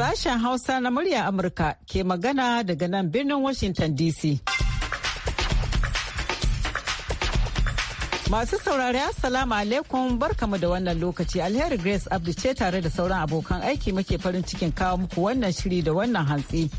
Sashen Hausa na murya Amurka ke magana daga nan birnin Washington DC. Masu saurari Assalamu alaikum barkamu da wannan lokaci alheri Grace Abdu ce tare da sauran abokan aiki muke farin cikin kawo muku wannan shiri da wannan hantsi.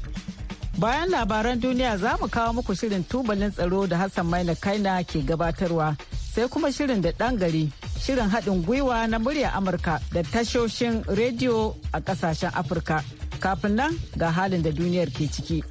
Bayan labaran duniya za mu kawo muku shirin tubalin tsaro da Hassan Maina Kaina ke gabatarwa sai kuma shirin da ɗan gari shirin haɗin gwiwa na murya Amurka da tashoshin rediyo a ƙasashen Afirka. Kafin nan ga halin da duniyar ke ciki.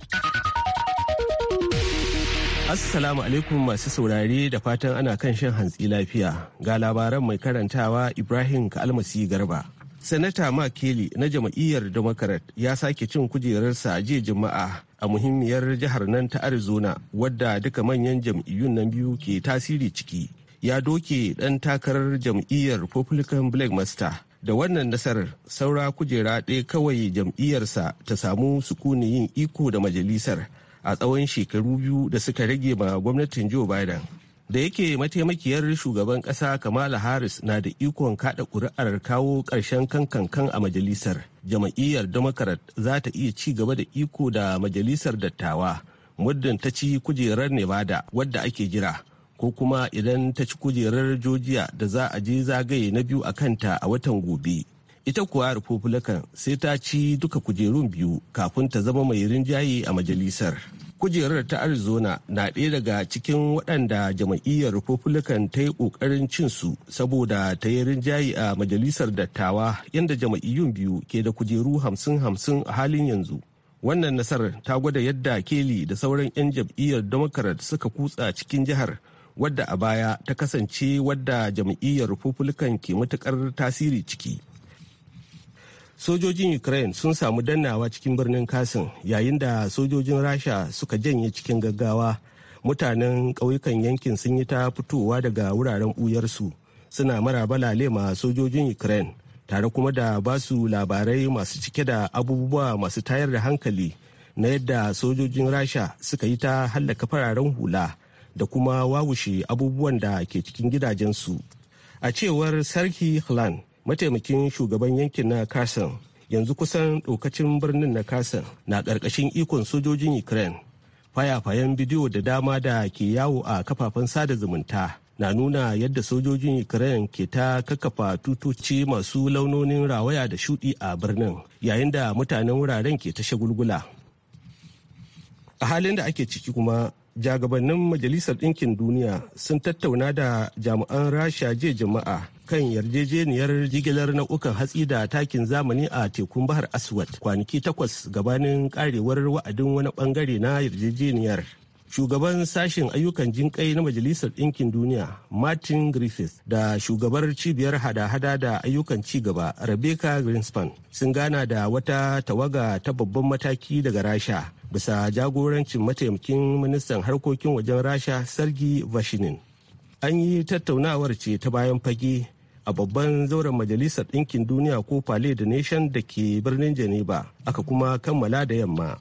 Assalamu alaikum masu saurari da fatan ana kan shan hantsi lafiya. Ga labaran mai karantawa Ibrahim Kalmasi Garba. Sanata Mark Kelly na jam'iyyar Democrat ya sake cin kujerarsa jiya Juma'a a muhimmiyar jihar nan ta Arizona wadda duka manyan jam'iyyun nan biyu ke tasiri ciki. ya doke ɗan takarar jam'iyyar Republican black Master. Da wannan nasarar saura kujera ɗaya kawai jam'iyyarsa ta samu sukuni yin iko da majalisar a tsawon shekaru biyu da suka rage ma gwamnatin Joe Biden. Da yake mataimakiyar shugaban ƙasa Kamala Harris na da ikon kaɗa ƙuri'ar kawo ƙarshen kankan a majalisar. jam'iyyar Democrat za ta iya ci gaba da iko da majalisar dattawa muddin ta ci kujerar Nevada wadda ake jira. ko kuma idan ta ci kujerar jojiya da za a je zagaye na biyu a kanta a watan gobe. Ita kuwa Republican sai ta ci duka kujerun biyu kafin ta zama mai rinjaye a majalisar. Kujerar ta Arizona na ɗaya daga cikin waɗanda jama'iyyar Republican ta yi ƙoƙarin cinsu saboda ta yi rinjaye a majalisar dattawa yadda jama'iyyun biyu ke da kujeru hamsin-hamsin a halin yanzu. Wannan nasarar ta gwada yadda keli da sauran 'yan jam'iyyar Democrat suka kutsa cikin jihar wadda a baya ta kasance wadda jam'iyyar republican ke matukar tasiri ciki sojojin ukraine sun samu dannawa cikin birnin kasin yayin da sojojin rasha suka janye cikin gaggawa mutanen ƙauyukan yankin sun yi ta fitowa daga wuraren ɓuyarsu suna marabalale ma sojojin ukraine tare kuma da ba su labarai masu cike da abubuwa masu tayar da hankali na yadda sojojin rasha suka yi ta hallaka fararen hula da kuma wawushe abubuwan da ke cikin gidajensu a cewar sarki hlan mataimakin shugaban yankin na kasan yanzu kusan ɗaukacin birnin na kasan na ƙarƙashin ikon sojojin ukraine fayafayen bidiyo da dama da ke yawo a kafafen sada zumunta na nuna yadda sojojin ukraine ke ta kakkafa tutoci masu launonin rawaya da shuɗi a birnin yayin da mutanen wuraren ke ta shagulgula a halin da ake ciki kuma jagabannin majalisar ɗinkin duniya sun tattauna da jami'an rasha jiya jama'a kan yarjejeniyar jigilar nau'ukan hatsi da takin zamani a tekun bahar Aswat, kwanaki takwas gabanin karewar wa'adin wani bangare na yarjejeniyar shugaban sashen ayyukan jinƙai na majalisar ɗinkin duniya martin griffith da shugabar cibiyar hada-hada da ayyukan cigaba rebecca greenspan sun gana da wata tawaga ta babban mataki daga rasha bisa jagorancin mataimakin ministan harkokin wajen rasha sergi vashinin an yi tattaunawar ce ta bayan fage a babban zauren majalisar ɗinkin duniya ko pale da nation da ke birnin geneva aka kuma kammala da yamma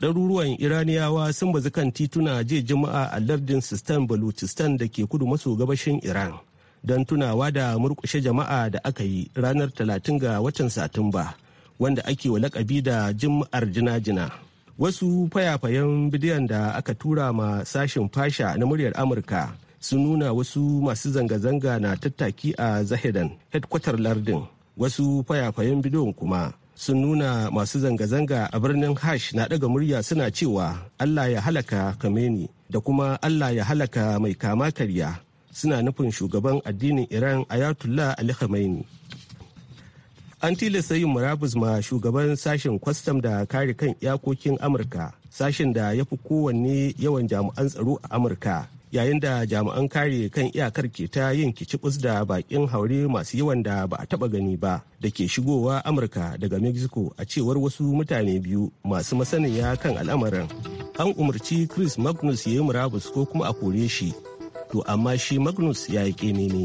ɗaruruwan iraniyawa sun bazu kan tituna jiya juma'a a lardin sistan baluchistan da ke kudu maso gabashin iran don tunawa da murkushe jama'a da aka yi ranar 30 ga watan satumba wanda ake wa lakabi da jima'ar jina-jina wasu fayafayen bidiyon da aka tura ma sashin fasha na muryar amurka sun nuna wasu masu zanga-zanga na tattaki a zahidan Headquarter lardin wasu fayafayen bidiyon kuma sun nuna masu zanga-zanga a birnin hash na daga murya suna cewa allah ya halaka kameni da kuma allah ya halaka mai kama karya suna nufin shugaban addinin iran ayatollah ali khamenei an tilasta yin murabus ma shugaban sashen kwastam da kare kan iyakokin amurka sashen da ya fi kowanne yawan jami'an tsaro a amurka yayin da jami'an kare kan iyakar ke ta yin kicibus da bakin haure masu yawan da ba a taba gani ba da ke shigowa amurka daga mexico a cewar wasu mutane biyu masu masaniya kan al'amarin an umarci chris magnus ya yi murabus ko kuma a kore shi to amma shi magnus ya yi ne.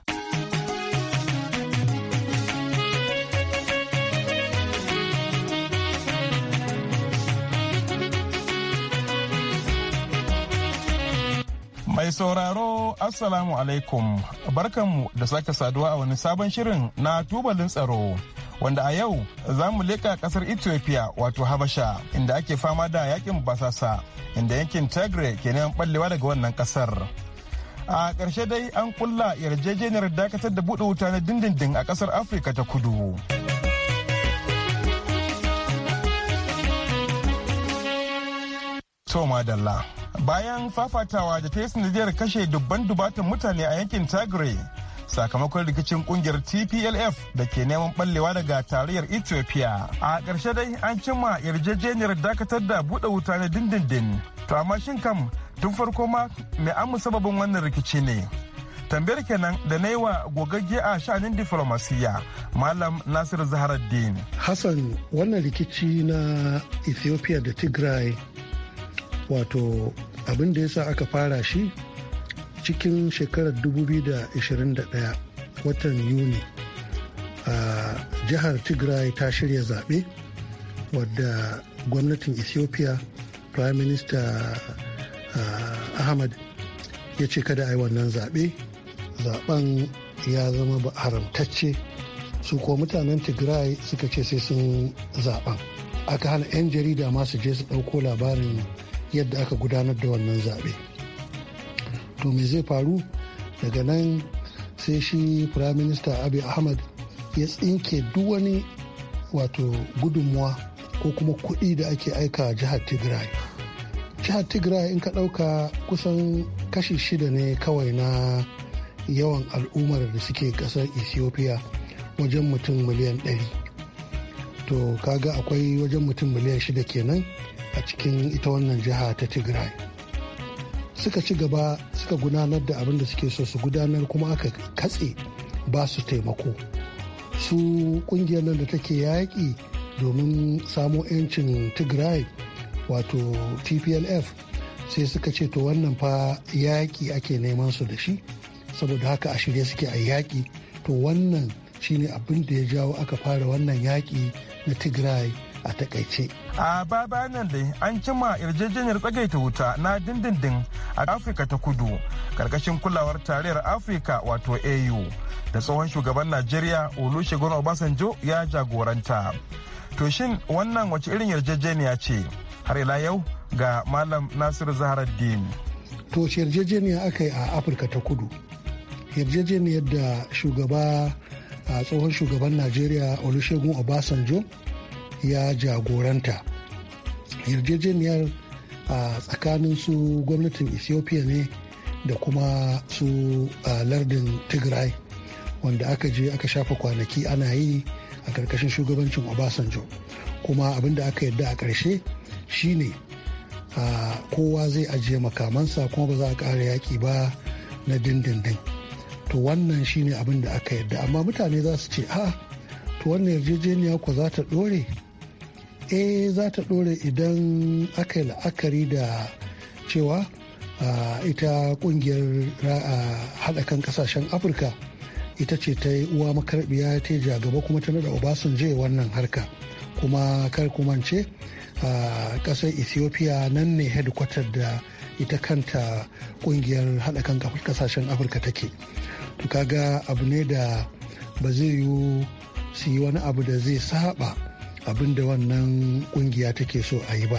Mai sauraro Assalamu alaikum barkanmu da sake saduwa a wani sabon shirin na tubalin tsaro wanda a yau za mu leƙa ƙasar Ethiopia wato Habasha inda ake fama da yakin basasa inda yankin Tigray ke neman ɓallewa daga wannan ƙasar. A ƙarshe dai an kulla yarjejeniyar dakatar da buɗe wuta na dindindin a ƙasar Afirka ta kudu. Toma bayan fafatawa da ta yi sanadiyar kashe dubban dubatan mutane a yankin tigray sakamakon rikicin kungiyar tplf da ke neman ballewa daga tarayyar ethiopia a ƙarshe dai an cimma yarjejeniyar dakatar da buɗe wuta na dindindin to amma shin kam tun farko ma mai amma sababin wannan rikici ne tambayar kenan da na yi wa gogagge a sha'anin diflomasiyya malam nasir zaharaddin hassan wannan rikici na ethiopia da tigray wato abin da yasa aka fara shi cikin shekarar 2021 watan yuni a jihar tigray ta shirya zaɓe wadda gwamnatin ethiopia prime minister ahmad ya ce kada a yi wannan zaɓe zaɓen ya zama ba haramtacce su ko mutanen tigray suka ce sai sun zaɓen aka hana 'yan jarida masu je su ɗauko labarin yadda aka gudanar da wannan zaɓe to me zai faru daga nan sai shi prime minister abiy ahmad ya tsinke duk wani wato gudunmuwa ko kuma kuɗi da ake aika jihar tigray jihar tigray in ka ɗauka kusan kashi shida ne kawai na yawan al'ummar da suke ƙasar ethiopia wajen mutum miliyan ɗari to kaga akwai wajen mutum miliyan shida kenan a cikin ita wannan jiha ta tigray suka ci gaba suka gudanar da abin da suke so su gudanar kuma aka katse ba su taimako su kungiyar nan da take yaƙi domin samo 'yancin tigray wato tplf sai suka ce to wannan fa yaƙi ake neman su da shi saboda haka a shirye suke a yaƙi to wannan shine abin da ya jawo aka fara wannan yaƙi na tigray a takaice. a baba nan dai an cima yarjejeniyar tsagaita wuta na dindindin a afirka ta kudu karkashin kulawar tarayyar afirka wato au da tsohon shugaban najeriya olusegun obasanjo ya jagoranta to shin wannan wace irin yarjejeniya ce har ila yau ga malam nasiru zaharaddin to yarjejeniya aka yi a afirka ta kudu yarjejeniyar da shugaba a tsohon shugaban najeriya olusegun obasanjo ya jagoranta yarjejeniyar a tsakanin su gwamnatin ethiopia ne da kuma su lardin tigray wanda aka je aka shafa kwanaki ana yi a karkashin shugabancin obasanjo kuma abin da aka yadda a ƙarshe shine kowa zai ajiye makamansa kuma ba za a ƙara yaƙi ba na dindindin to wannan shine abin da aka yarda amma mutane za su ce a ah, to wannan yarjejeniya ku za ta dore eh za ta dore idan aka yi la'akari da cewa ita kungiyar haɗa kan kasashen afirka ita ce ta yi uwa makarbiya ta gaba kuma ta nada obasanjo wannan harka kuma kar kumance a ƙasar ethiopia nan ne hedkwatar da ita kanta kungiyar haɗakan ƙasashen kasashen afirka take to kaga abu ne da ba zai yiwu su yi wani abu da zai saba abin da wannan kungiya take so a yi ba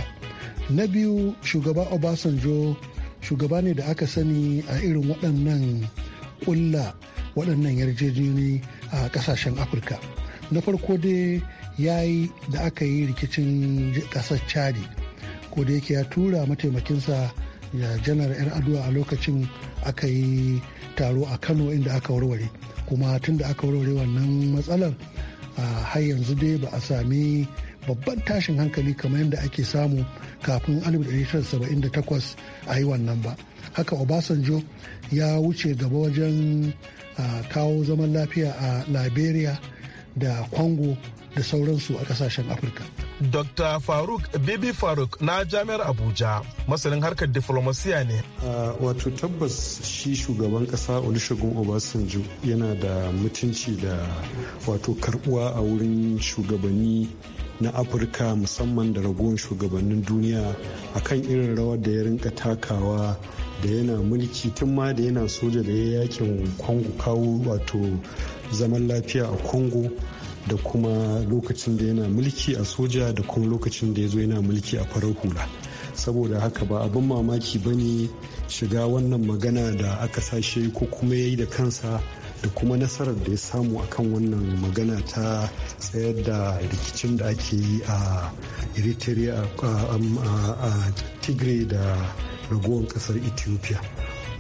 na biyu shugaba obasanjo shugaba ne da aka sani a irin waɗannan ƙulla waɗannan yarjejeni a ƙasashen afirka na farko dai ya yi da aka yi rikicin ƙasar chadi ko da yake ya tura mataimakinsa ya janar 'yar aduwa a lokacin aka yi taro a kano inda aka warware kuma tun da aka warware wannan matsalar har yanzu dai ba a sami babban tashin hankali kamar yadda ake samu kafin 1978 a yi wannan ba haka obasanjo ya wuce gaba wajen kawo zaman lafiya a liberia da congo da sauransu a kasashen afirka Dr. Faruk Bibi Faruk na Jami'ar Abuja, masanin harkar diflomasiya ne. Wato tabbas shi shugaban kasa Olusegun Obasanjo yana da mutunci da wato karbuwa a wurin shugabanni na afirka musamman da ragowar shugabannin duniya akan irin rawar da ya rinka takawa da yana mulki tun ma da yana soja da ya yakin kwango kawo wato zaman lafiya a Kongo. da kuma lokacin da yana mulki a soja da kuma lokacin da ya zo yana mulki a farar hula saboda haka ba abin mamaki ba ne shiga wannan magana da aka sashe ko kuma ya yi da kansa da kuma nasarar da ya samu akan wannan magana ta tsayar da rikicin da ake yi a eritrea a tigray da ragowar kasar ethiopia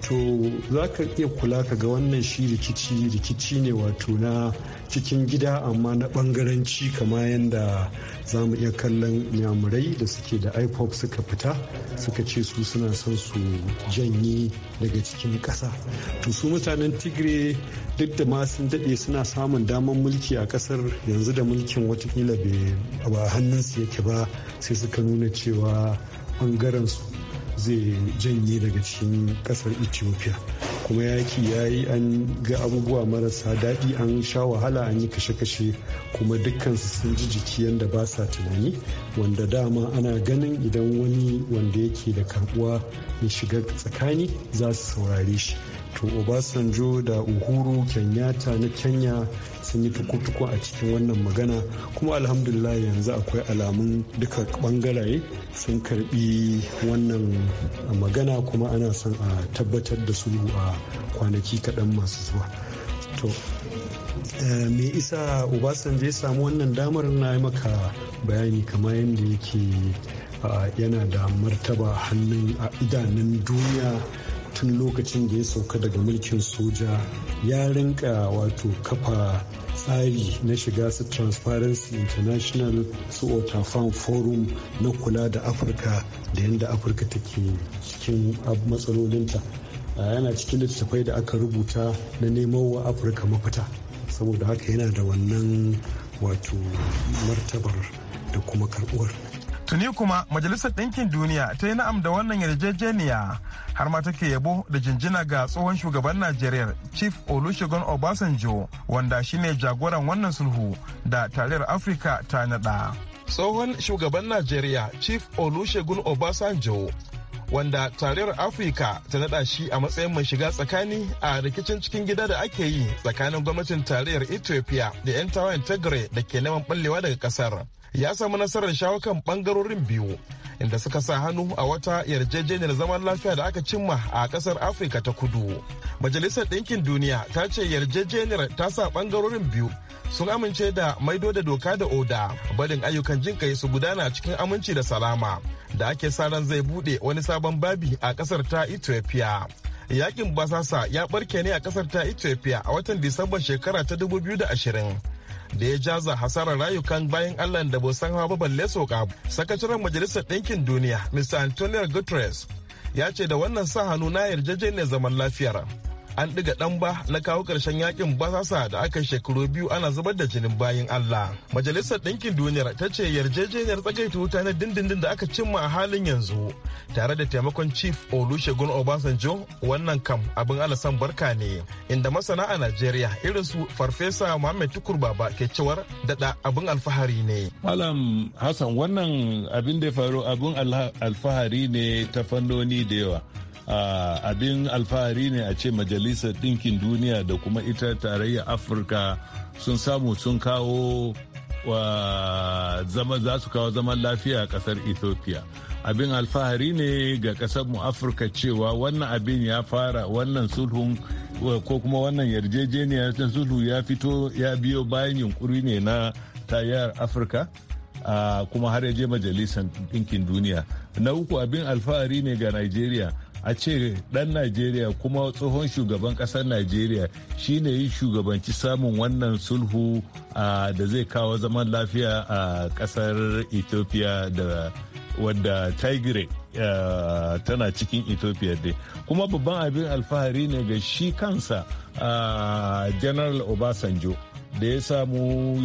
to za ka iya kula ka ga wannan shi rikici rikici ne wato na cikin gida amma na bangaranci kama yadda za mu iya kallon nyamurai da suke da ipop suka fita suka ce su suna son su janye daga cikin ƙasa to su mutanen tigre duk da ma sun daɗe suna samun daman mulki a ƙasar yanzu da mulkin watakila ba hannunsu yake ba sai suka nuna cewa bangaren zai janye daga cikin kasar ethiopia kuma yaki ya yi an ga abubuwa marasa daɗi an sha wahala an yi kashe-kashe kuma dukkansu sun ji jiki yadda ba sa tunani wanda dama ana ganin idan wani wanda yake da karbuwa ya shiga tsakani za su saurare shi to obasanjo da uhuru kenyatta na kenya sun yi tukutuku a cikin wannan magana kuma alhamdulillah yanzu akwai alamun duka bangaraye sun karbi wannan magana kuma ana son a tabbatar da su a kwanaki kaɗan masu zuwa to eh, me isa obasanjo ya samu wannan damar na maka bayani kamar yadda yake ah, yana da martaba hannun a idanun duniya tun lokacin da ya sauka daga mulkin soja ya rinka wato kafa tsari na shiga su transparency international su otafan forum na kula da afirka da yadda afirka take cikin matsalolinta yana cikin littattafai da aka rubuta na neman wa afirka mafita saboda haka yana da wannan wato martabar da kuma karbuwar Tuni kuma Majalisar Ɗinkin Duniya ta yi na'am da wannan yarjejeniya har ma take yabo da jinjina ga tsohon shugaban Najeriya Chief Olusegun Obasanjo wanda shine jagoran wannan sulhu da tarayyar Afirka ta naɗa. Tsohon shugaban Najeriya Chief Olusegun Obasanjo wanda tarayyar afirka ta nada shi a matsayin mai shiga tsakani a rikicin cikin gida da ake yi tsakanin gwamnatin tarayyar ethiopia da 'yan tawayen tigray da ke neman ɓallewa daga ƙasar ya samu nasarar shawo kan bangarorin biyu inda suka sa hannu a wata yarjejeniyar zaman lafiya da aka cimma a kasar afirka ta kudu majalisar ɗinkin duniya ta ce yarjejeniyar ta sa bangarorin biyu sun amince da maido da doka da oda barin ayyukan jin kai su gudana cikin aminci da salama da ake sa ran zai bude wani sabon babi a kasar ta ethiopia yakin basasa ya barke ne a kasar ta ethiopia a watan disamba shekara ta ashirin. da ya jaza hasarar rayukan bayan allah da san hawa balle soka sakataren majalisar ɗinkin duniya mr antonio guterres ya ce da wannan sa hannu na yarjejeniyar zaman lafiyar an ɗiga ɗan ba na kawo ƙarshen yakin basasa da aka shekaru biyu ana zubar da jinin bayan Allah. Majalisar Ɗinkin Duniyar ta ce yarjejeniyar tsagaita wuta na dindindin da aka cimma a halin yanzu tare da taimakon Chief Olusegun Obasanjo wannan kam abin alasan barka ne inda masana a Najeriya irin su Farfesa Muhammad Tukur Baba ke cewar daɗa abin alfahari ne. Malam Hassan wannan abin da ya faru abin alfahari ne ta fannoni da yawa. abin alfahari ne a ce majalisar ɗinkin duniya da kuma ita tarayyar afirka sun samu sun kawo wa zama za su kawo zaman lafiya a kasar ethiopia abin alfahari ne ga kasar mu afirka cewa wannan abin ya fara wannan sulhun ko kuma wannan yarjejeniya na sulhu ya fito ya biyo bayan yunkuri ne na tayar afirka kuma har yaje je majalisar ɗinkin duniya na uku abin alfahari ne ga nigeria a ce ɗan najeriya kuma tsohon shugaban ƙasar najeriya shine yi shugabanci samun wannan sulhu da zai kawo zaman lafiya a ƙasar ethiopia da wadda tigray tana cikin ethiopia dai kuma babban abin alfahari ne ga shi kansa a general obasanjo da ya samu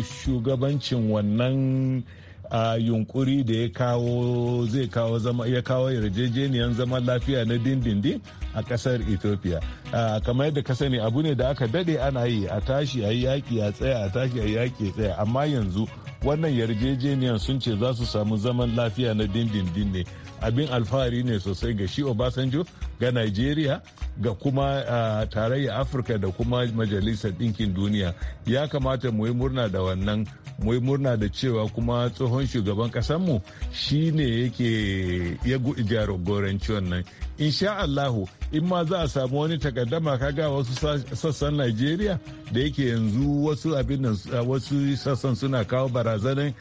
shugabancin wannan a yunkuri da ya kawo zai kawo zama ya kawo yarjejeniyar zaman lafiya na dindindin a kasar ethiopia kamar yadda ka sani abu ne da aka dade ana yi a tashi a yi yaki a tsaya a tashi a yi yaki a tsaya amma yanzu wannan yarjejeniyar sun ce za su samu zaman lafiya na dindindin ne abin alfahari ne sosai ga shi obasanjo ga nigeria ga kuma tarayyar afirka da kuma majalisar ɗinkin duniya ya kamata mu yi murna da wannan mu yi murna da cewa kuma tsohon shugaban kasanmu shi ne yake ya jagoranci wannan insha allahu in ma za a samu wani takaddama kaga wasu sassan nigeria da yake yanzu wasu abin wasu sassan suna kawo barazanar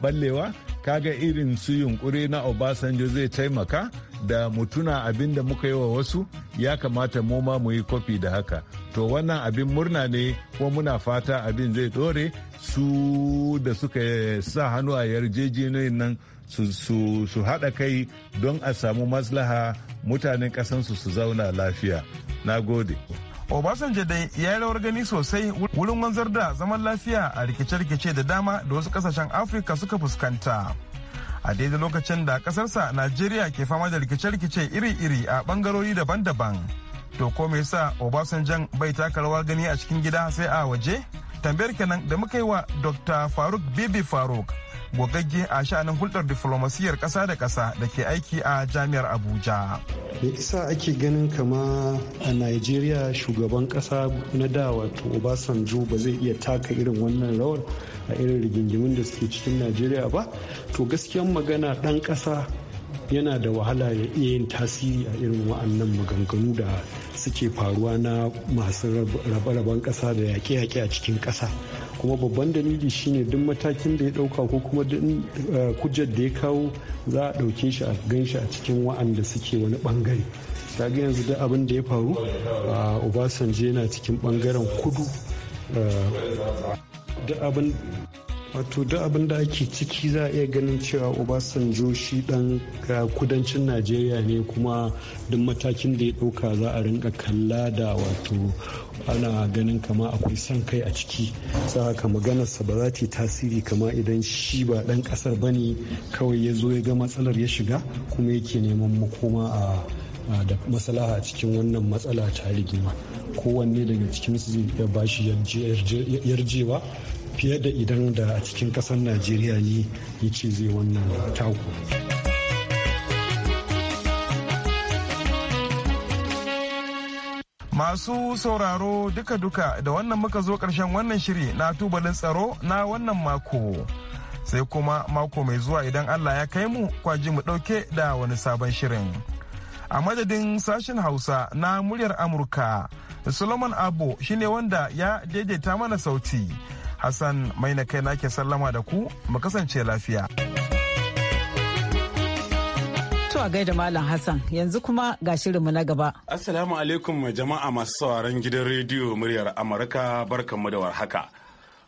ballewa kaga irin su yunkuri na obasanjo zai taimaka da mutuna abin da muka yi wa wasu ya kamata mu ma mu yi kofi da haka to wannan abin murna ne kuma muna fata abin zai dore su da suka sa hannu a yarjejeniyar nan su haɗa kai don a samu maslaha mutanen ƙasansu su zauna lafiya na gode Obasanjo dai ya yi rawar gani sosai wurin wanzar da zaman lafiya a rikice-rikice da dama da wasu kasashen Afirka suka fuskanta. A daidai lokacin da kasarsa Najeriya ke fama da rikice-rikice iri-iri a bangarori daban-daban. To ko me yasa Obasanjan bai taka rawar gani a cikin gida sai a waje? Tambayar kenan da muka yi wa Dr. Faruk Bibi Faruk gogagge a sha'anin hulɗar diflomasiyyar ƙasa da ƙasa da ke aiki a jami'ar abuja me isa ake ganin kama a nigeria shugaban ƙasa na da wato obasanjo ba zai iya taka irin wannan rawar a irin rigingimin da suke cikin nigeria ba to gaskiyan magana ɗan ƙasa yana da wahala ya iya yin tasiri a irin wa'annan maganganu da suke faruwa na masu rabe-raben ƙasa da yaƙe-yaƙe a cikin ƙasa kuma babban dalili shine duk matakin da ya dauka ko kuma kujar eh, da ya kawo za a dauke shi a ganshi a cikin wa'anda suke wani bangare kaga yanzu da abin da ya faru a obasanjo yana cikin bangaren kudu eh, duk abin wato duk abin da ake ciki za a iya ganin cewa obasanjo shi dan kudancin najeriya ne kuma duk matakin da ya dauka za a rinka kalla da wato ana ganin kama akwai son kai a ciki sa haka maganarsa ba za ta tasiri kama idan shi ba dan kasar ba ne kawai ya zo ya ga matsalar ya shiga kuma yake neman makoma a da maslaha cikin wannan matsala ta rigima kowanne daga cikinsu zai iya bashi yarjewa fiye da idan da a cikin ƙasar najeriya ne ya ce zai wannan taku Masu sauraro duka-duka da wannan muka zo karshen wannan shiri na tubalin tsaro na wannan mako. Sai kuma mako mai zuwa idan Allah ya kai mu kwaji mu dauke da wani sabon shirin. A madadin sashen Hausa na muryar Amurka, Solomon abu shine wanda ya daidaita mana sauti. Hassan mai na kai nake sallama da ku mu kasance lafiya. To a gaida Malam Hassan yanzu kuma ga shirinmu na gaba. Assalamu alaikum jama'a masu sauraron gidan rediyo muryar Amurka mu da warhaka.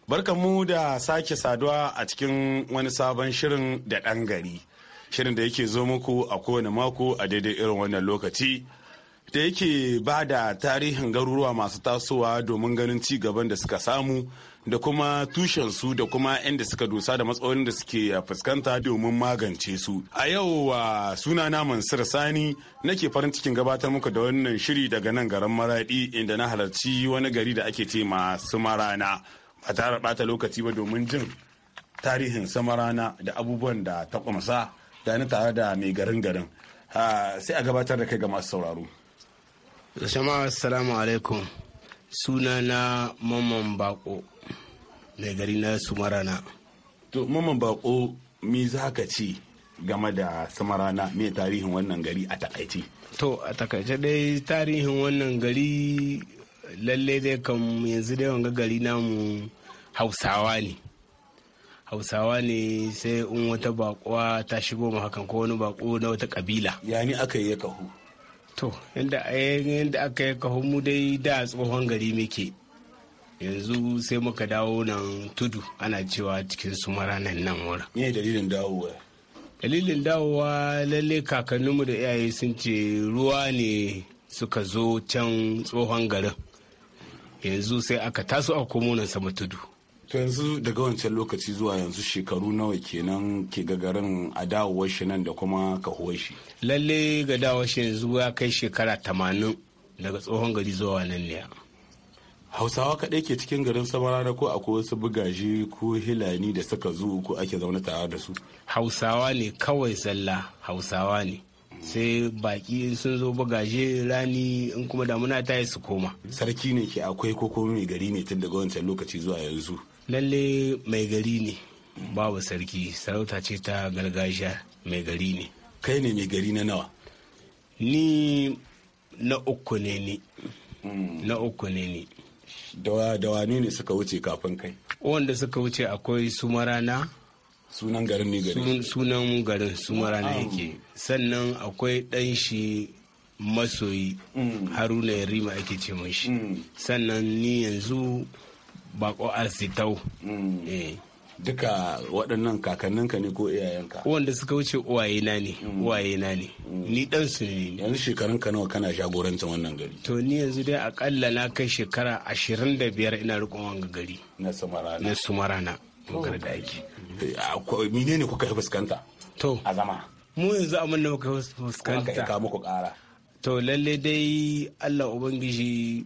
Barkanmu da sake saduwa a cikin wani sabon shirin da ɗan gari. Shirin da yake zo muku a kowane mako a daidai irin wannan lokaci. da yake ba da tarihin garuruwa masu tasowa domin ganin ci gaban da suka samu da kuma tushen su da kuma inda suka dosa da matsalolin da suke fuskanta domin magance su. A yau wa suna na Mansur Sani nake farin cikin gabatar muku da wannan shiri daga nan garin Maradi inda na halarci wani gari da ake ce masu marana. Ba tare bata lokaci ba domin jin tarihin samarana da abubuwan da ta kumsa da ni tare da mai garin garin. Ah, sai a gabatar da kai ga masu sauraro. Jama'a assalamu suna na mamman bako mai gari na sumarana to mamman bako me za ka ce game da Sumarana me tarihin wannan gari a takaice to a takaice dai tarihin wannan gari lalle dai kan yanzu dai wanga gari namu hausawa ne hausawa ne sai in wata bakuwa ta shigo mu hakan ko wani bako na wata kabila Yani ni aka yi ya kahu to yadda eh, aka yi kahonmu dai da tsohon gari muke yanzu sai muka dawo nan tudu ana cewa cikin sumara nan nan wurin ne dalilin dawowa dalilin dawowa lalle kakanninmu da iyaye sun ce ruwa ne suka zo can tsohon garin yanzu sai aka taso a komo sama tudu to yanzu daga wancan lokaci zuwa yanzu shekaru nawa kenan ke gagarin a dawowar shi nan da kuma kahuwar shi lalle ga dawowar shi yanzu ya kai shekara tamanin daga tsohon gari zuwa nan ne hausawa kaɗai ke cikin garin samarara ko akwai wasu bugaji ko hilani da suka zo ko ake zaune tare da su hausawa ne kawai zalla hausawa ne sai baki sun zo bagaje rani in kuma damuna ta yi su koma sarki ne ke akwai ko kuma mai gari ne tun daga wancan lokaci zuwa yanzu lalle mai gari ne babu sarki sarauta ce ta gargajiya mai gari ne kai ne mai gari na nawa ni na uku ne ni hmm. na uku ne ni dawa ne ne suka wuce kafin kai wanda suka wuce akwai marana. sunan garin ne gari sunan garin sumara ne ah. yake sannan akwai dan shi masoyi mm. haruna yarima ake ce shi. Mm. sannan ni yanzu bako arzitau mm. eh. duka waɗannan kakanninka ne ko iyayenka wanda suka wuce uwaye na ne uwaye na ne ni dan su ne yanzu shekarun ka nawa kana jagorancin wannan gari to ni yanzu dai akalla na kai shekara 25 ina rikon wanga gari na sumarana na sumarana magana da aiki mine ne kuka yi fuskanta to a zama mu yanzu fuskanta kuma ka muku ƙara. to lalle dai Allah ubangiji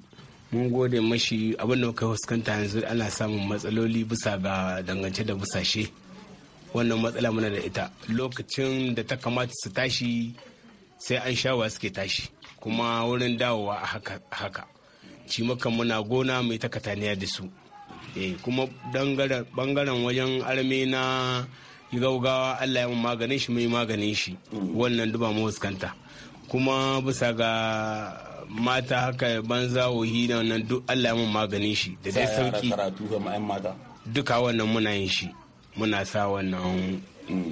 mun gode mashi abin da muka fuskanta yanzu ana samun matsaloli bisa ga dangance da busashe wannan matsala muna da ita lokacin da ta kamata su tashi sai an shawa suke tashi kuma wurin dawowa a haka haka ci maka muna gona mai takataniya da su Eh, kuma bangaren wajen armi na gaugawa allah ya mu maganin shi mai maganin shi wannan duba mu fuskanta kuma bisa ga mata haka banza wahi na wannan duk Allah mun maganin shi da dai sauki duka wannan muna yin shi muna sa wannan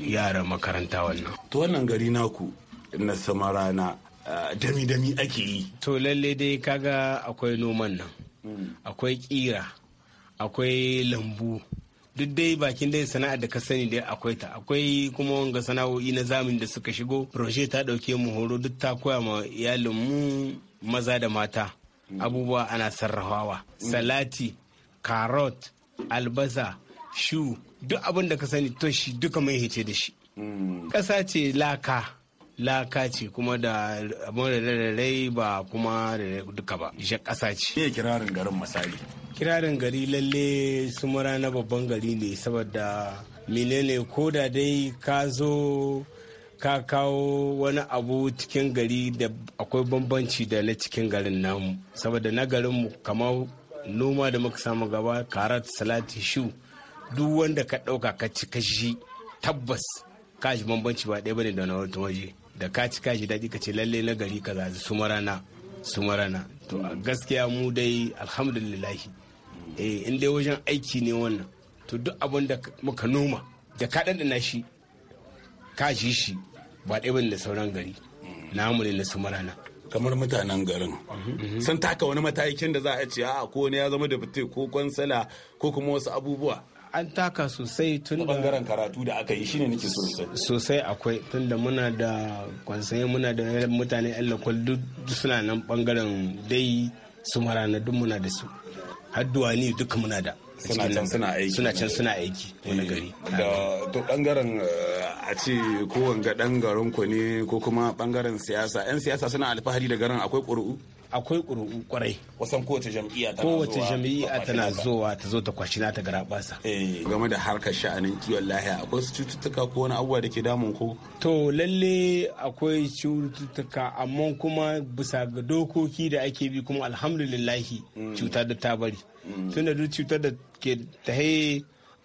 yara makaranta wannan to wannan gari naku na samarana dami dami ake yi to lalle dai kaga akwai noman nan mm. akwai kira akwai lambu duk dai bakin dai sana'ar da ka sani dai akwai ta akwai kuma wanga sana'o'i na zamani da suka shigo roshe ta ɗauke mu horo duk ta koya ma iyalinmu maza da mata abubuwa ana sarrafawa salati carrot albasa shu duk abin da ka sani to shi duka mai hice da shi mm. ƙasa ce laka laka ce kuma da abin da ba kuma da duka ba ƙasa ce. Ke kirarin garin masali kirarin gari lalle sumura na babban gari ne saboda menene ko da dai ka zo ka kawo wani abu cikin gari da akwai bambanci da na cikin garin namu saboda na garin mu kamar noma da muka samu gaba karat salati shu duk wanda ka ɗauka ka ci kashi tabbas ka shi bambanci ba ɗaya bane da na wata waje da ka ci kashi daɗi ka ce lalle na gari ka zazi sumarana sumarana to gaskiya mu dai alhamdulillahi eh in dai wajen aiki ne wannan to duk abin da muka noma da ka ɗanɗana shi ka ji shi ba ɗaya da sauran gari namu ne na su marana kamar mutanen garin mhm. sun taka wani matakin da za a ce a ko ne ya zama da fite ko kwansala ko kuma wasu abubuwa an taka sosai tun da bangaren karatu da aka yi shine nake sosai sosai akwai tun da muna da kwansaye muna da mutane yan lakwal duk suna nan bangaren dai su marana duk muna da su har ne duka muna da suna can suna aiki wani gari to bangaren eh, a ce ko wanga dan garin ku ne ko kuma bangaren siyasa yan siyasa suna alfahari da garin akwai ƙuri'u akwai ƙuri'u ƙwarai kusan kowace jam'iyya tana kowace jam'iyya tana zowa ta zo ta kwashi na ta garabasa eh. game da harkar sha'anin kiwon lahiya akwai su cututtuka ko wani abubuwa da ke damun ko to lalle akwai cututtuka amma kuma bisa ga dokoki da ake bi kuma alhamdulillahi mm. cuta da ta bari mm. tunda duk cutar da ke ta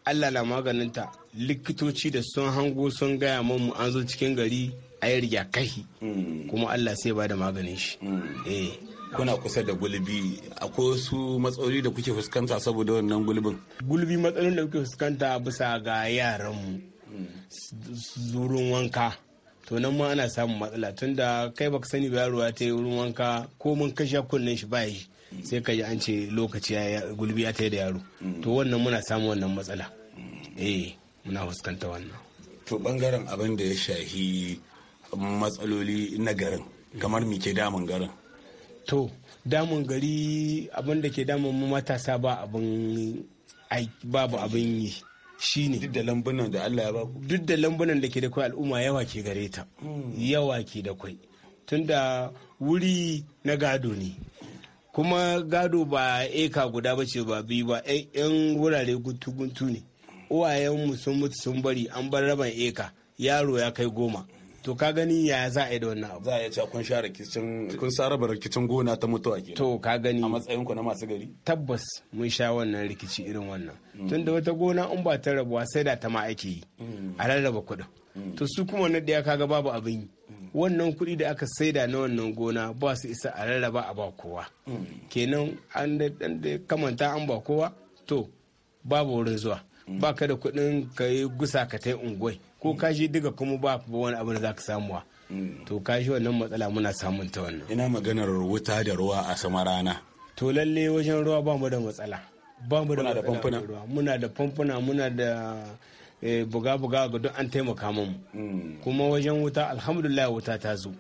Allah na ta likitoci da sun hango sun gaya mu an zo cikin gari a yi rigakahi mm. kuma Allah sai ba da maganin shi. Eh. kuna kusa da gulbi akwai wasu matsaloli da kuke fuskanta saboda wannan gulbin gulbi matsalolin da kuke fuskanta bisa ga yaran zurun wanka to nan ma ana samun matsala tunda kai baka sani ba yaro ta yi wurin wanka ko mun kashe kunnen shi ba sai ka ji an ce lokaci ya gulbi ya ta yi da yaro to wannan muna samun wannan matsala eh muna fuskanta wannan to bangaren abin da ya shahi matsaloli na garin kamar mike damun garin to damun gari abin da ke damun matasa ba abin babu abin yi shi ne duk da lambunan da Allah ya ba ku duk da lambunan da ke da kwai al'umma yawa ke gare ta hmm. yawa ke da kwai tunda wuri na gado ne kuma gado ba eka guda ba ce ba biyu ba yan wurare guntu-guntu ne mu sun mutu sun bari an bar raban eka yaro ya kai goma to ka gani ya za a yi da wannan abu za a yi cewa kun share rikicin kun saraba rikicin gona ta mutuwa kenan to ka gani a matsayin ku na masu gari tabbas mun sha wannan rikici irin wannan mm. tunda wata gona in ba ta rabuwa sai da ta ma ake yi mm. a rarraba kuɗin mm. to su kuma na ɗaya kaga babu abin yi wannan kuɗi da aka saida na wannan gona ba su isa a rarraba a ba kowa kenan an da kamanta an ba kowa to babu wurin zuwa baka da kuɗin ka yi gusa ka tai unguwai ko ka shi diga kuma ba wani abu da za ka samuwa mm. to ka shi wannan matsala muna samun ta wannan ina maganar wuta da ruwa a sama rana to lalle wajen ruwa ba mu da matsala ba mu da matsala muna da famfuna muna da eh, buga-buga ga duk an taimaka mu mm. kuma wajen wuta alhamdulillah wuta ta zo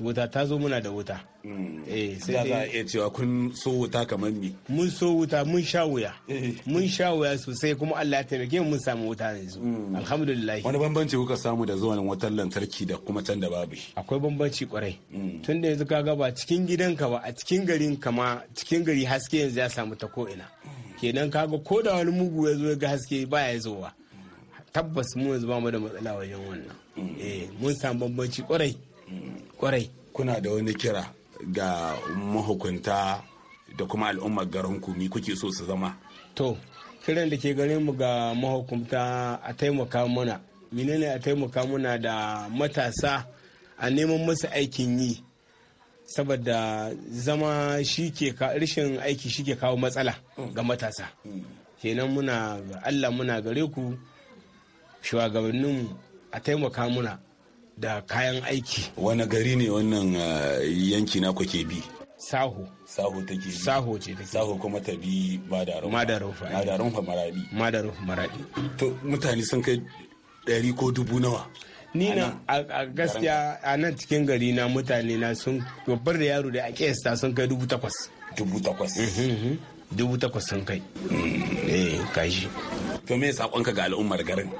wuta ta zo muna da wuta mm. eh sai za a iya cewa kun so wuta kamar ni mun so wuta mun sha wuya eh. mun sha wuya sosai kuma Allah ya taimake mu mun samu wuta yanzu mm. alhamdulillah wani bambanci kuka samu da zuwan wutar lantarki da kuma can da babu akwai bambanci kwarai mm. tun da yanzu kaga ba cikin gidanka ba a cikin garin kama cikin gari haske yanzu ya samu ta ko ina kenan kaga ko da wani mugu ya zo ya ga haske baya zowa tabbas mu yanzu ba mu da matsala wajen wannan eh mun samu bambanci kwarai kwarai kuna da wani kira ga mahukunta da kuma al'ummar garinku mi kuke so su zama to kiran da ke gare mu ga mahukunta a taimaka mana menene a taimaka mana da matasa a neman masa aikin yi saboda zama shi ke rashin aiki shi ke kawo matsala ga matasa kenan muna Allah muna gare ku shugabanninmu a taimaka muna da kayan aiki wani gari ne wannan uh, yanki na kwake bi saho saho take saho ce take saho kuma ta bi Madarufa. madarun fa maradi Madarufa maradi to mutane sun kai ɗari ko dubu nawa ni na a gaskiya a nan cikin gari na mutane na sun babbar da yaro da a kesta sun kai dubu takwas dubu takwas mhm, mhm. dubu takwas sun kai mm. eh kashi to me saƙonka ga al'ummar garin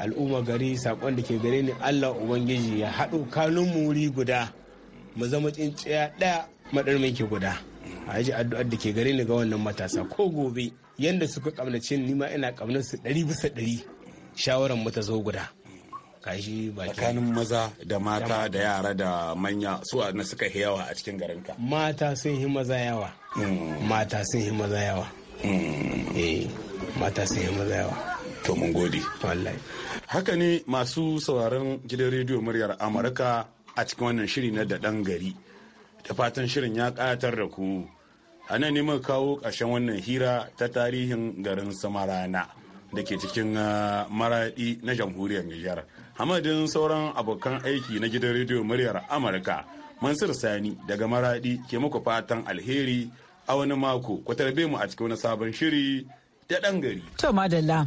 al'umma gari sakon da ke gare ni allah ubangiji ya haɗo kanun wuri guda mu zama tsintsiya ɗaya madarmin ke guda a yaji addu'ar da ke gare ni ga wannan matasa ko gobe yadda suka kamnace ni ma ina kamnar su ɗari bisa ɗari shawaran mu ta zo guda kashi baki tsakanin maza da mata da yara da manya su na suka yi yawa a cikin garin ka. mata sun yi maza yawa mm. mata sun yi maza yawa mm. eh, mata sun yi maza yawa to mun gode haka ne masu sauraron gidan rediyo muryar amurka a cikin wannan shiri na da ɗan gari da fatan shirin ya ƙayatar da ku a nan ne kawo ƙarshen wannan hira ta tarihin garin samarana da ke cikin ah, maraɗi na jamhuriyar nijar hamadin sauran abokan aiki na gidan rediyo muryar amurka mansur sani daga maraɗi ke muku fatan alheri a wani mako ku tarbe mu a cikin wani sabon shiri da ɗan gari to madalla